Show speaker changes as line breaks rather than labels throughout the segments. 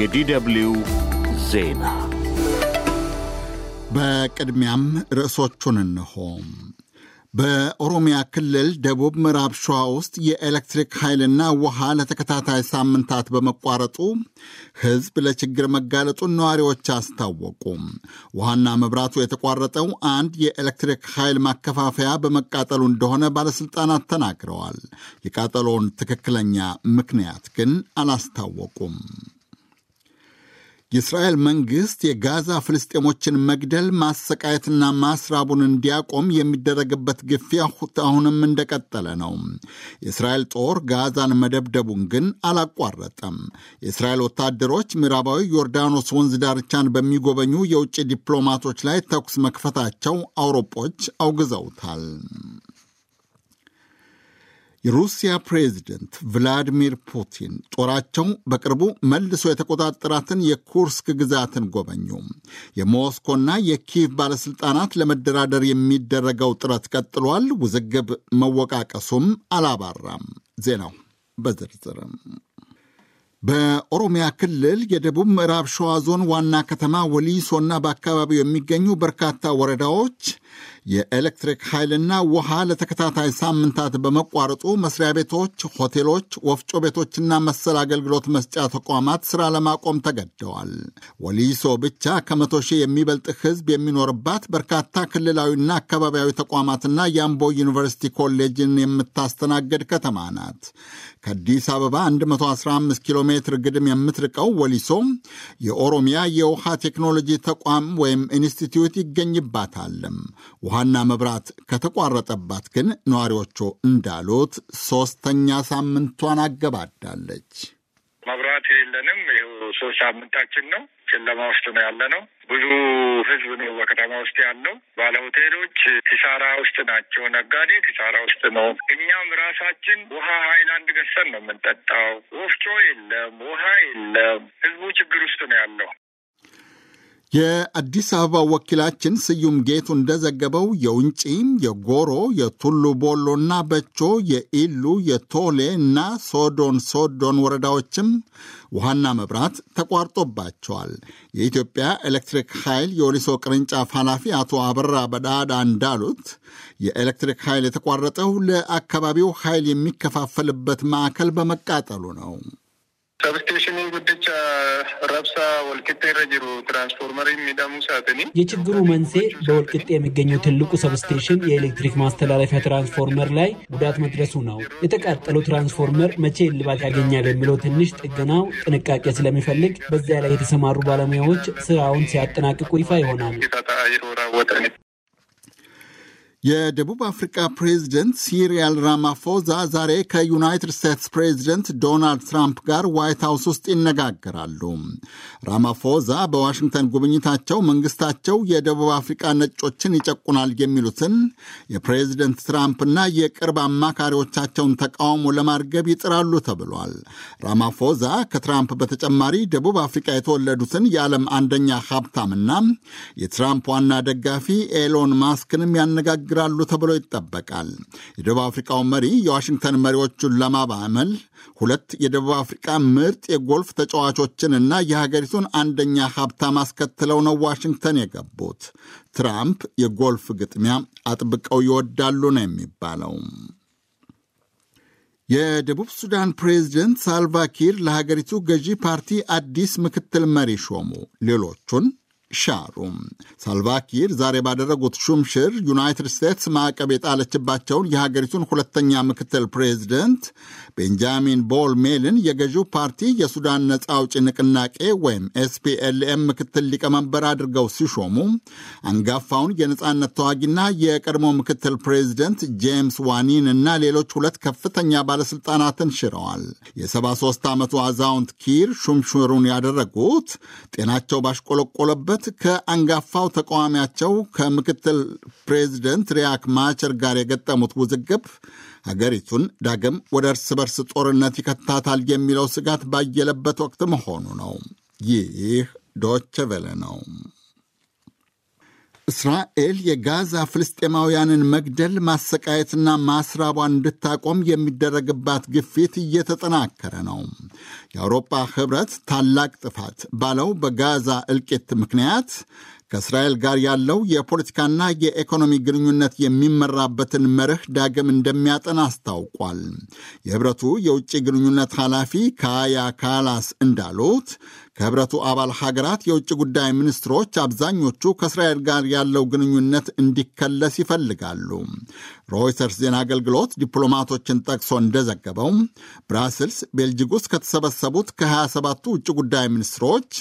የዲደብልዩ ዜና በቅድሚያም ርዕሶቹን እንሆ። በኦሮሚያ ክልል ደቡብ ምዕራብ ሸዋ ውስጥ የኤሌክትሪክ ኃይልና ውሃ ለተከታታይ ሳምንታት በመቋረጡ ሕዝብ ለችግር መጋለጡን ነዋሪዎች አስታወቁ። ውሃና መብራቱ የተቋረጠው አንድ የኤሌክትሪክ ኃይል ማከፋፈያ በመቃጠሉ እንደሆነ ባለሥልጣናት ተናግረዋል። የቃጠሎውን ትክክለኛ ምክንያት ግን አላስታወቁም። የእስራኤል መንግሥት የጋዛ ፍልስጤሞችን መግደል ማሰቃየትና ማስራቡን እንዲያቆም የሚደረግበት ግፊያ አሁንም እንደቀጠለ ነው። የእስራኤል ጦር ጋዛን መደብደቡን ግን አላቋረጠም። የእስራኤል ወታደሮች ምዕራባዊ ዮርዳኖስ ወንዝ ዳርቻን በሚጎበኙ የውጭ ዲፕሎማቶች ላይ ተኩስ መክፈታቸው አውሮፖች አውግዘውታል። የሩሲያ ፕሬዚደንት ቭላዲሚር ፑቲን ጦራቸው በቅርቡ መልሶ የተቆጣጠራትን የኩርስክ ግዛትን ጎበኙ። የሞስኮና የኪቭ ባለሥልጣናት ለመደራደር የሚደረገው ጥረት ቀጥሏል። ውዝግብ መወቃቀሱም አላባራም። ዜናው በዝርዝርም በኦሮሚያ ክልል የደቡብ ምዕራብ ሸዋ ዞን ዋና ከተማ ወሊሶና በአካባቢው የሚገኙ በርካታ ወረዳዎች የኤሌክትሪክ ኃይልና ውሃ ለተከታታይ ሳምንታት በመቋረጡ መስሪያ ቤቶች፣ ሆቴሎች፣ ወፍጮ ቤቶችና መሰል አገልግሎት መስጫ ተቋማት ሥራ ለማቆም ተገደዋል። ወሊሶ ብቻ ከመቶ ሺህ የሚበልጥ ሕዝብ የሚኖርባት በርካታ ክልላዊና አካባቢያዊ ተቋማትና የአምቦ ዩኒቨርሲቲ ኮሌጅን የምታስተናግድ ከተማ ናት። ከአዲስ አበባ 115 ኪሎ ሜትር ግድም የምትርቀው ወሊሶ የኦሮሚያ የውሃ ቴክኖሎጂ ተቋም ወይም ኢንስቲትዩት ይገኝባታል። ውሃና መብራት ከተቋረጠባት ግን ነዋሪዎቹ እንዳሉት ሶስተኛ ሳምንቷን አገባዳለች። መብራት የለንም። ሶ ሳምንታችን ነው። ጨለማ ውስጥ ነው ያለ ነው። ብዙ ህዝብ ነው በከተማ ውስጥ ያለው። ባለ ሆቴሎች ኪሳራ ውስጥ ናቸው። ነጋዴ ኪሳራ ውስጥ ነው። እኛም ራሳችን ውሃ ሀይላንድ ገሰን ነው የምንጠጣው። ወፍጮ የለም፣ ውሃ የለም። ህዝቡ ችግር ውስጥ ነው ያለው። የአዲስ አበባ ወኪላችን ስዩም ጌቱ እንደዘገበው የውንጪም፣ የጎሮ፣ የቱሉ ቦሎና በቾ፣ የኢሉ፣ የቶሌ እና ሶዶን ሶዶን ወረዳዎችም ውሃና መብራት ተቋርጦባቸዋል። የኢትዮጵያ ኤሌክትሪክ ኃይል የወሊሶ ቅርንጫፍ ኃላፊ አቶ አበራ በዳዳ እንዳሉት የኤሌክትሪክ ኃይል የተቋረጠው ለአካባቢው ኃይል የሚከፋፈልበት ማዕከል በመቃጠሉ ነው። ሰብስቴሽኑ ረብሳ ወልቅጤ ረ ጅሩ ትራንስፎርመር የሚዳሙ ሳትኒ የችግሩ መንስኤ በወልቅጤ የሚገኘው ትልቁ ሰብስቴሽን የኤሌክትሪክ ማስተላለፊያ ትራንስፎርመር ላይ ጉዳት መድረሱ ነው። የተቃጠለው ትራንስፎርመር መቼ እልባት ያገኛል የሚለው ትንሽ ጥገናው ጥንቃቄ ስለሚፈልግ በዚያ ላይ የተሰማሩ ባለሙያዎች ስራውን ሲያጠናቅቁ ይፋ ይሆናል። የደቡብ አፍሪካ ፕሬዝደንት ሲሪያል ራማፎዛ ዛሬ ከዩናይትድ ስቴትስ ፕሬዝደንት ዶናልድ ትራምፕ ጋር ዋይት ሀውስ ውስጥ ይነጋገራሉ። ራማፎዛ በዋሽንግተን ጉብኝታቸው መንግስታቸው የደቡብ አፍሪካ ነጮችን ይጨቁናል የሚሉትን የፕሬዝደንት ትራምፕና የቅርብ አማካሪዎቻቸውን ተቃውሞ ለማርገብ ይጥራሉ ተብሏል። ራማፎዛ ከትራምፕ በተጨማሪ ደቡብ አፍሪካ የተወለዱትን የዓለም አንደኛ ሀብታምና የትራምፕ ዋና ደጋፊ ኤሎን ማስክንም ያነጋግ ያስቸግራሉ ተብሎ ይጠበቃል። የደቡብ አፍሪካው መሪ የዋሽንግተን መሪዎቹን ለማባመል ሁለት የደቡብ አፍሪካ ምርጥ የጎልፍ ተጫዋቾችንና የሀገሪቱን አንደኛ ሀብታም አስከትለው ነው ዋሽንግተን የገቡት። ትራምፕ የጎልፍ ግጥሚያ አጥብቀው ይወዳሉ ነው የሚባለው። የደቡብ ሱዳን ፕሬዝደንት ሳልቫኪር ለሀገሪቱ ገዢ ፓርቲ አዲስ ምክትል መሪ ሾሙ። ሌሎቹን ሻሩም ሳልቫኪር ዛሬ ባደረጉት ሹምሽር ዩናይትድ ስቴትስ ማዕቀብ የጣለችባቸውን የሀገሪቱን ሁለተኛ ምክትል ፕሬዚደንት ቤንጃሚን ቦል ሜልን የገዢው ፓርቲ የሱዳን ነፃ አውጪ ንቅናቄ ወይም ኤስፒኤልኤም ምክትል ሊቀመንበር አድርገው ሲሾሙ አንጋፋውን የነፃነት ተዋጊና የቀድሞ ምክትል ፕሬዚደንት ጄምስ ዋኒን እና ሌሎች ሁለት ከፍተኛ ባለስልጣናትን ሽረዋል። የ73 ዓመቱ አዛውንት ኪር ሹምሽሩን ያደረጉት ጤናቸው ባሽቆለቆለበት ህብረት ከአንጋፋው ተቃዋሚያቸው ከምክትል ፕሬዚደንት ሪያክ ማቸር ጋር የገጠሙት ውዝግብ ሀገሪቱን ዳግም ወደ እርስ በርስ ጦርነት ይከታታል የሚለው ስጋት ባየለበት ወቅት መሆኑ ነው። ይህ ዶቸ ቬለ ነው። እስራኤል የጋዛ ፍልስጤማውያንን መግደል ማሰቃየትና ማስራቧን እንድታቆም የሚደረግባት ግፊት እየተጠናከረ ነው። የአውሮፓ ህብረት ታላቅ ጥፋት ባለው በጋዛ እልቂት ምክንያት ከእስራኤል ጋር ያለው የፖለቲካና የኢኮኖሚ ግንኙነት የሚመራበትን መርህ ዳግም እንደሚያጠን አስታውቋል። የህብረቱ የውጭ ግንኙነት ኃላፊ ካያ ካላስ እንዳሉት ከህብረቱ አባል ሀገራት የውጭ ጉዳይ ሚኒስትሮች አብዛኞቹ ከእስራኤል ጋር ያለው ግንኙነት እንዲከለስ ይፈልጋሉ። ሮይተርስ ዜና አገልግሎት ዲፕሎማቶችን ጠቅሶ እንደዘገበው ብራስልስ ቤልጅግ ውስጥ ከተሰበሰቡት ከ27ቱ ውጭ ጉዳይ ሚኒስትሮች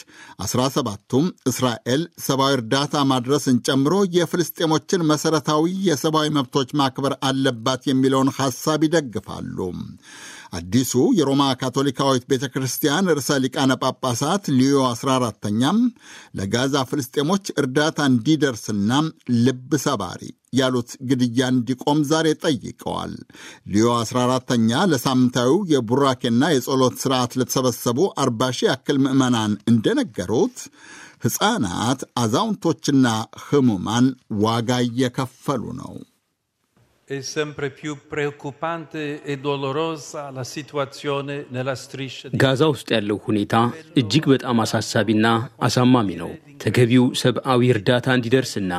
17ቱም እስራኤል ሰብአዊ እርዳታ ማድረስን ጨምሮ የፍልስጤሞችን መሠረታዊ የሰብአዊ መብቶች ማክበር አለባት የሚለውን ሐሳብ ይደግፋሉ። አዲሱ የሮማ ካቶሊካዊት ቤተ ክርስቲያን ርዕሰ ሊቃነ ጳጳሳት ሊዮ 14ተኛም ለጋዛ ፍልስጤሞች እርዳታ እንዲደርስና ልብ ሰባሪ ያሉት ግድያ እንዲቆም ዛሬ ጠይቀዋል። ሊዮ 14ተኛ ለሳምንታዊው የቡራኬና የጸሎት ስርዓት ለተሰበሰቡ 40 ሺህ ያክል ምዕመናን እንደነገሩት ሕፃናት፣ አዛውንቶችና ህሙማን ዋጋ እየከፈሉ ነው። è sempre più preoccupante e dolorosa la situazione nella striscia. ጋዛ ውስጥ ያለው ሁኔታ እጅግ በጣም አሳሳቢና አሳማሚ ነው። ተገቢው ሰብአዊ እርዳታ እንዲደርስና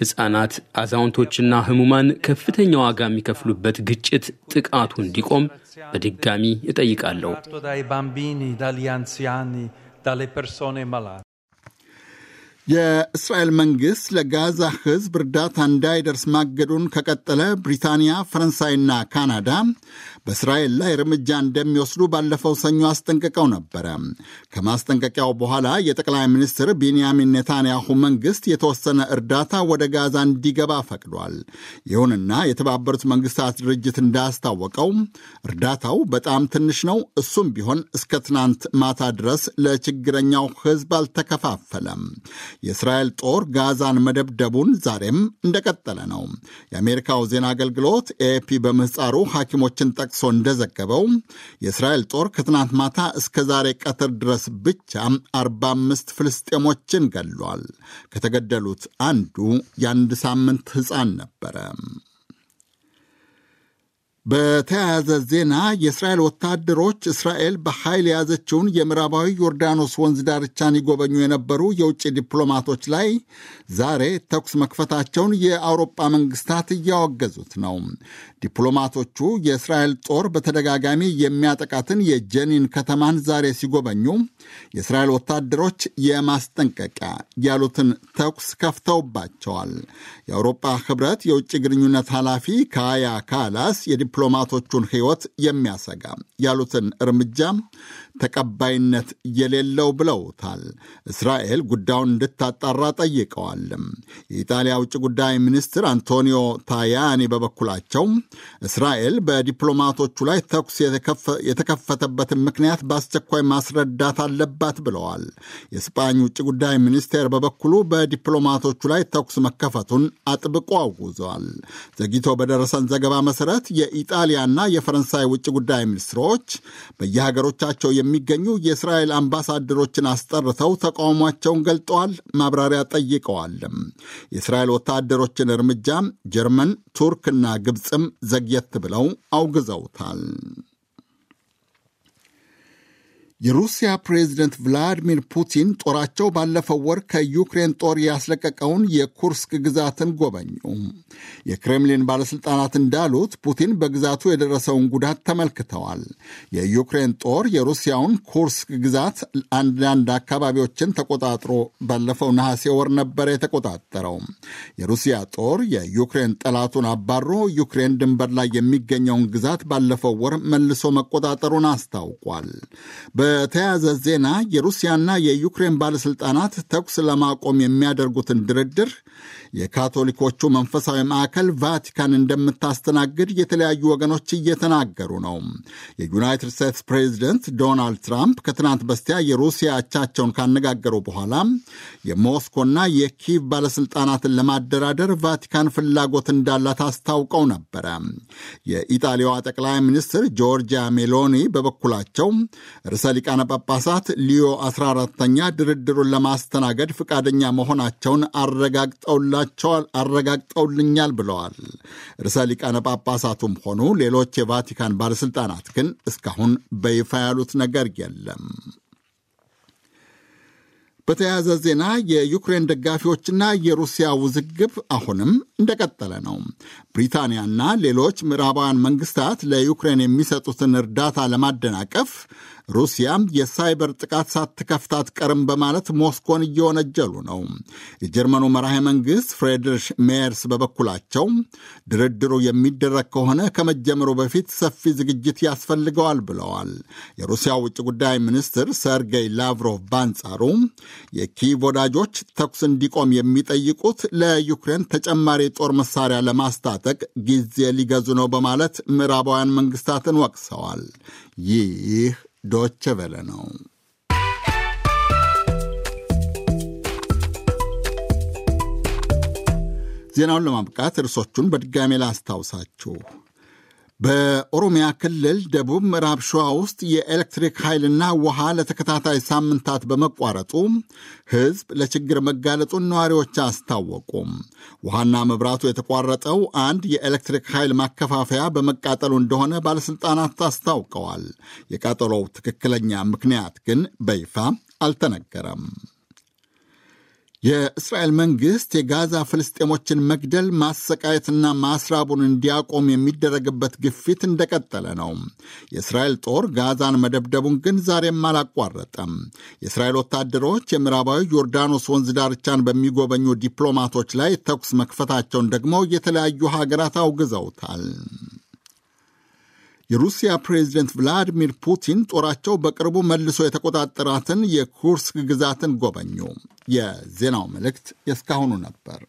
ሕፃናት፣ አዛውንቶችና ህሙማን ከፍተኛ ዋጋ የሚከፍሉበት ግጭት ጥቃቱ እንዲቆም በድጋሚ እጠይቃለሁ። የእስራኤል መንግሥት ለጋዛ ሕዝብ እርዳታ እንዳይደርስ ማገዱን ከቀጠለ ብሪታንያ፣ ፈረንሳይና ካናዳ በእስራኤል ላይ እርምጃ እንደሚወስዱ ባለፈው ሰኞ አስጠንቅቀው ነበረ። ከማስጠንቀቂያው በኋላ የጠቅላይ ሚኒስትር ቢንያሚን ኔታንያሁ መንግሥት የተወሰነ እርዳታ ወደ ጋዛ እንዲገባ ፈቅዷል። ይሁንና የተባበሩት መንግሥታት ድርጅት እንዳስታወቀው እርዳታው በጣም ትንሽ ነው። እሱም ቢሆን እስከ ትናንት ማታ ድረስ ለችግረኛው ሕዝብ አልተከፋፈለም። የእስራኤል ጦር ጋዛን መደብደቡን ዛሬም እንደቀጠለ ነው። የአሜሪካው ዜና አገልግሎት ኤፒ በምህፃሩ ሐኪሞችን ጠቅሶ እንደዘገበው የእስራኤል ጦር ከትናንት ማታ እስከ ዛሬ ቀትር ድረስ ብቻ 45 ፍልስጤሞችን ገሏል። ከተገደሉት አንዱ የአንድ ሳምንት ሕፃን ነበረ። በተያያዘ ዜና የእስራኤል ወታደሮች እስራኤል በኃይል የያዘችውን የምዕራባዊ ዮርዳኖስ ወንዝ ዳርቻን ይጎበኙ የነበሩ የውጭ ዲፕሎማቶች ላይ ዛሬ ተኩስ መክፈታቸውን የአውሮጳ መንግስታት እያወገዙት ነው። ዲፕሎማቶቹ የእስራኤል ጦር በተደጋጋሚ የሚያጠቃትን የጀኒን ከተማን ዛሬ ሲጎበኙ የእስራኤል ወታደሮች የማስጠንቀቂያ ያሉትን ተኩስ ከፍተውባቸዋል። የአውሮጳ ህብረት የውጭ ግንኙነት ኃላፊ ካያ ካላስ የዲፕሎማቶቹን ሕይወት የሚያሰጋ ያሉትን እርምጃ ተቀባይነት የሌለው ብለውታል። እስራኤል ጉዳዩን እንድታጣራ ጠይቀዋል። የኢጣሊያ ውጭ ጉዳይ ሚኒስትር አንቶኒዮ ታያኒ በበኩላቸው እስራኤል በዲፕሎማቶቹ ላይ ተኩስ የተከፈተበትን ምክንያት በአስቸኳይ ማስረዳት አለባት ብለዋል። የስጳኝ ውጭ ጉዳይ ሚኒስቴር በበኩሉ በዲፕሎማቶቹ ላይ ተኩስ መከፈቱን አጥብቆ አውዟል። ዘግይቶ በደረሰን ዘገባ መሰረት የኢጣሊያና የፈረንሳይ ውጭ ጉዳይ ሚኒስትሮች በየሀገሮቻቸው የሚገኙ የእስራኤል አምባሳደሮችን አስጠርተው ተቃውሟቸውን ገልጠዋል። ማብራሪያ ጠይቀዋል። የእስራኤል ወታደሮችን እርምጃ ጀርመን፣ ቱርክና ግብፅም ዘግየት ብለው አውግዘውታል። የሩሲያ ፕሬዝደንት ቭላዲሚር ፑቲን ጦራቸው ባለፈው ወር ከዩክሬን ጦር ያስለቀቀውን የኩርስክ ግዛትን ጎበኙ። የክሬምሊን ባለሥልጣናት እንዳሉት ፑቲን በግዛቱ የደረሰውን ጉዳት ተመልክተዋል። የዩክሬን ጦር የሩሲያውን ኩርስክ ግዛት አንዳንድ አካባቢዎችን ተቆጣጥሮ ባለፈው ነሐሴ ወር ነበር የተቆጣጠረው። የሩሲያ ጦር የዩክሬን ጠላቱን አባሮ ዩክሬን ድንበር ላይ የሚገኘውን ግዛት ባለፈው ወር መልሶ መቆጣጠሩን አስታውቋል። በተያያዘ ዜና የሩሲያና የዩክሬን ባለሥልጣናት ተኩስ ለማቆም የሚያደርጉትን ድርድር የካቶሊኮቹ መንፈሳዊ ማዕከል ቫቲካን እንደምታስተናግድ የተለያዩ ወገኖች እየተናገሩ ነው። የዩናይትድ ስቴትስ ፕሬዚደንት ዶናልድ ትራምፕ ከትናንት በስቲያ የሩሲያ አቻቸውን ካነጋገሩ በኋላ የሞስኮና የኪቭ ባለስልጣናትን ለማደራደር ቫቲካን ፍላጎት እንዳላት አስታውቀው ነበረ። የኢጣሊያዋ ጠቅላይ ሚኒስትር ጆርጂያ ሜሎኒ በበኩላቸው ርዕሰ ሊቃነ ጳጳሳት ሊዮ 14ተኛ ድርድሩን ለማስተናገድ ፈቃደኛ መሆናቸውን አረጋግጠውላቸዋል አረጋግጠውልኛል ይገኛል ብለዋል። ርዕሰ ሊቃነ ጳጳሳቱም ሆኑ ሌሎች የቫቲካን ባለሥልጣናት ግን እስካሁን በይፋ ያሉት ነገር የለም። በተያያዘ ዜና የዩክሬን ደጋፊዎችና የሩሲያ ውዝግብ አሁንም እንደቀጠለ ነው። ብሪታንያና ሌሎች ምዕራባውያን መንግስታት ለዩክሬን የሚሰጡትን እርዳታ ለማደናቀፍ ሩሲያ የሳይበር ጥቃት ሳትከፍት አትቀርም በማለት ሞስኮን እየወነጀሉ ነው። የጀርመኑ መራሄ መንግሥት ፍሬድሪሽ ሜየርስ በበኩላቸው ድርድሩ የሚደረግ ከሆነ ከመጀመሩ በፊት ሰፊ ዝግጅት ያስፈልገዋል ብለዋል። የሩሲያ ውጭ ጉዳይ ሚኒስትር ሰርጌይ ላቭሮቭ በአንጻሩ የኪቭ ወዳጆች ተኩስ እንዲቆም የሚጠይቁት ለዩክሬን ተጨማሪ የጦር መሳሪያ ለማስታጠቅ ጊዜ ሊገዙ ነው በማለት ምዕራባውያን መንግስታትን ወቅሰዋል። ይህ ዶች በለ ነው። ዜናውን ለማብቃት እርሶቹን በድጋሜ ላስታውሳችሁ። በኦሮሚያ ክልል ደቡብ ምዕራብ ሸዋ ውስጥ የኤሌክትሪክ ኃይልና ውሃ ለተከታታይ ሳምንታት በመቋረጡ ሕዝብ ለችግር መጋለጡን ነዋሪዎች አስታወቁም። ውሃና መብራቱ የተቋረጠው አንድ የኤሌክትሪክ ኃይል ማከፋፈያ በመቃጠሉ እንደሆነ ባለሥልጣናት አስታውቀዋል። የቃጠሎው ትክክለኛ ምክንያት ግን በይፋ አልተነገረም። የእስራኤል መንግስት የጋዛ ፍልስጤሞችን መግደል ማሰቃየትና ማስራቡን እንዲያቆም የሚደረግበት ግፊት እንደቀጠለ ነው። የእስራኤል ጦር ጋዛን መደብደቡን ግን ዛሬም አላቋረጠም። የእስራኤል ወታደሮች የምዕራባዊ ዮርዳኖስ ወንዝ ዳርቻን በሚጎበኙ ዲፕሎማቶች ላይ ተኩስ መክፈታቸውን ደግሞ የተለያዩ ሀገራት አውግዘውታል። የሩሲያ ፕሬዚደንት ቭላዲሚር ፑቲን ጦራቸው በቅርቡ መልሶ የተቆጣጠራትን የኩርስክ ግዛትን ጎበኙ። የዜናው መልእክት የእስካሁኑ ነበር።